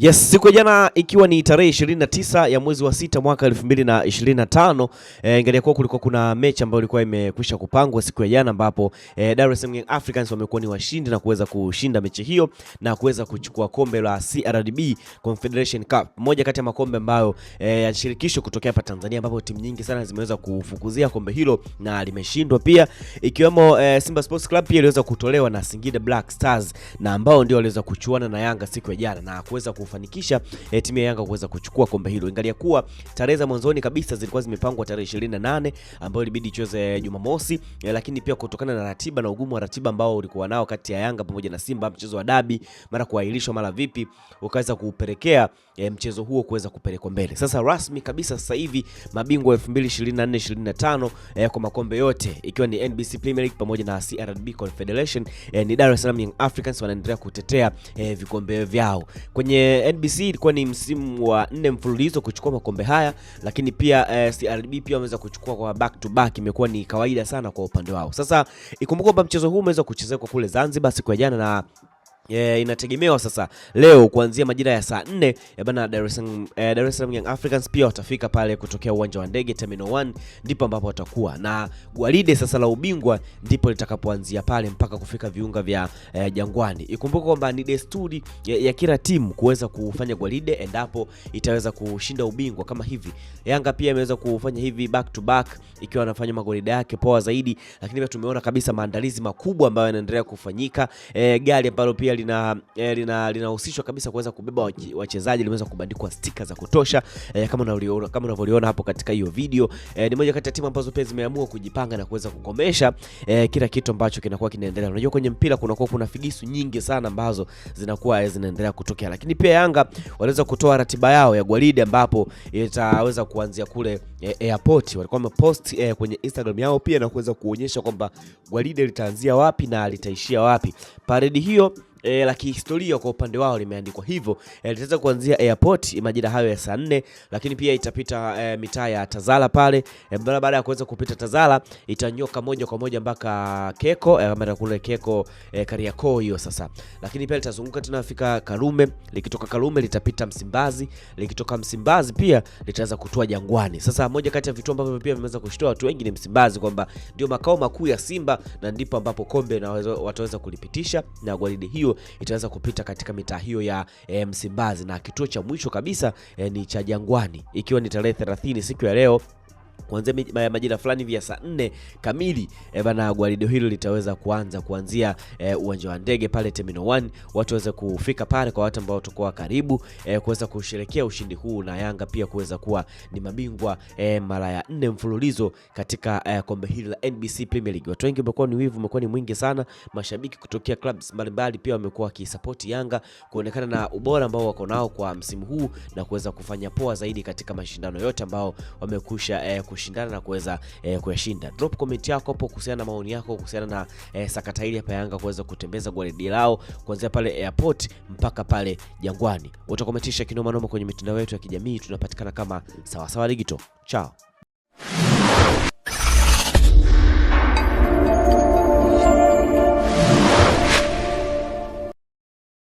Yes, siku ya jana ikiwa ni tarehe 29 ya mwezi wa sita mwaka 2025, eh, ingalia ingaliakuwa kulikuwa kuna mechi ambayo ilikuwa imekwisha kupangwa siku ya jana ambapo eh, Dar es Salaam Africans wamekuwa ni washindi na kuweza kushinda mechi hiyo na kuweza kuchukua kombe la CRDB Confederation Cup, moja kati ya makombe ambayo eh, ya shirikisho kutokea hapa Tanzania ambapo timu nyingi sana zimeweza kufukuzia kombe hilo na limeshindwa pia ikiwemo eh, Simba Sports Club pia iliweza kutolewa na Singida Black Stars na ambao ndio waliweza kuchuana na Yanga siku ya jana na kuweza kufanikisha eh, timu ya Yanga kuweza kuchukua kombe hilo, ingalia kuwa tarehe za mwanzoni kabisa zilikuwa zimepangwa tarehe 28 ambayo ilibidi icheze Jumamosi eh, lakini pia kutokana na ratiba na ugumu wa ratiba ambao ulikuwa nao kati ya Yanga pamoja na Simba, mchezo wa dabi mara kuahirishwa mara vipi, ukaweza kupelekea eh, mchezo huo kuweza kupelekwa mbele. Sasa rasmi kabisa sasa hivi mabingwa 2024 25 eh, kwa makombe yote ikiwa ni NBC Premier League pamoja na CRB Confederation eh, ni Dar es Salaam Young Africans wanaendelea kutetea eh, vikombe vyao kwenye eh, NBC ilikuwa ni msimu wa nne mfululizo kuchukua makombe haya, lakini pia eh, CRB pia wameweza kuchukua kwa back to back, imekuwa ni kawaida sana kwa upande wao. Sasa ikumbuke kwamba mchezo huu umeweza kuchezwa kule Zanzibar siku ya jana na Yeah, inategemewa sasa leo kuanzia majira ya saa nne ya bana Dar es Salaam eh, Young Africans pia watafika pale kutokea uwanja wa ndege Terminal 1 ndipo ambapo watakuwa na gwaride sasa la ubingwa ndipo litakapoanzia pale mpaka kufika viunga vya eh, Jangwani. Ikumbuke kwamba ni desturi ya, ya kila timu kuweza kufanya gwaride endapo itaweza kushinda ubingwa kama hivi. Yanga pia imeweza kufanya hivi back to back ikiwa anafanya magwaride yake poa zaidi, lakini pia tumeona kabisa maandalizi makubwa ambayo yanaendelea kufanyika eh, gari ambalo pia Eh, linahusishwa kabisa kuweza kubeba wachezaji, limeweza kubandikwa stika za kutosha eh, kama unavyoliona kama unavyoona hapo katika hiyo video eh, ni moja kati ya timu ambazo pia zimeamua kujipanga na kuweza kukomesha eh, kila kitu ambacho kinakuwa kinaendelea. Unajua kwenye mpira kuna kuwa kuna figisu nyingi sana ambazo zinakuwa eh, zinaendelea kutokea, lakini pia Yanga waliweza kutoa ratiba yao ya gwaride ambapo itaweza kuanzia kule eh, airport. Walikuwa wamepost eh, kwenye Instagram yao pia na kuweza kuonyesha kwamba gwaride litaanzia wapi na litaishia wapi. Paredi hiyo e, la kihistoria kwa upande wao limeandikwa hivyo e, litaweza kuanzia airport majira hayo ya saa nne, lakini pia itapita e, mitaa ya Tazara pale e, mara baada ya kuweza kupita Tazara itanyoka moja kwa moja mpaka Keko e, kule Keko e, Kariakoo hiyo sasa, lakini pia litazunguka tena fika Karume, likitoka Karume litapita Msimbazi, likitoka Msimbazi pia litaweza kutua Jangwani. Sasa moja kati ya vitu ambavyo pia vimeweza kushtua watu wengi ni Msimbazi, kwamba ndio makao makuu ya Simba na ndipo ambapo kombe na wataweza kulipitisha na gwaride hiyo hiyo itaweza kupita katika mitaa hiyo ya e, Msimbazi na kituo cha mwisho kabisa e, ni cha Jangwani ikiwa ni tarehe 30 siku ya leo kuanzia majira fulani vya saa nne kamili e bana, gwaride hilo litaweza kuanza kuanzia e, uwanja wa ndege pale Terminal 1 watu waweze kufika pale, kwa watu ambao watakuwa karibu e, kuweza kusherekea ushindi huu na Yanga pia kuweza kuwa ni mabingwa e, mara ya nne mfululizo katika e, kombe hili la NBC Premier League. Watu wengi wamekuwa ni wivu, umekuwa ni mwingi sana, mashabiki kutokea clubs mbalimbali pia wamekuwa wakisupport Yanga kuonekana na ubora ambao wako nao kwa msimu huu na kuweza kufanya poa zaidi katika mashindano yote ambao wamekusha e, kushindana na kuweza eh, kuyashinda. Drop comment yako hapo kuhusiana na maoni yako kuhusiana na eh, sakata hili hapa Yanga kuweza kutembeza gwaridi lao kuanzia pale airport mpaka pale Jangwani. Utakometisha kinoma noma kwenye mitandao yetu ya kijamii, tunapatikana kama sawasawa digital. Chao.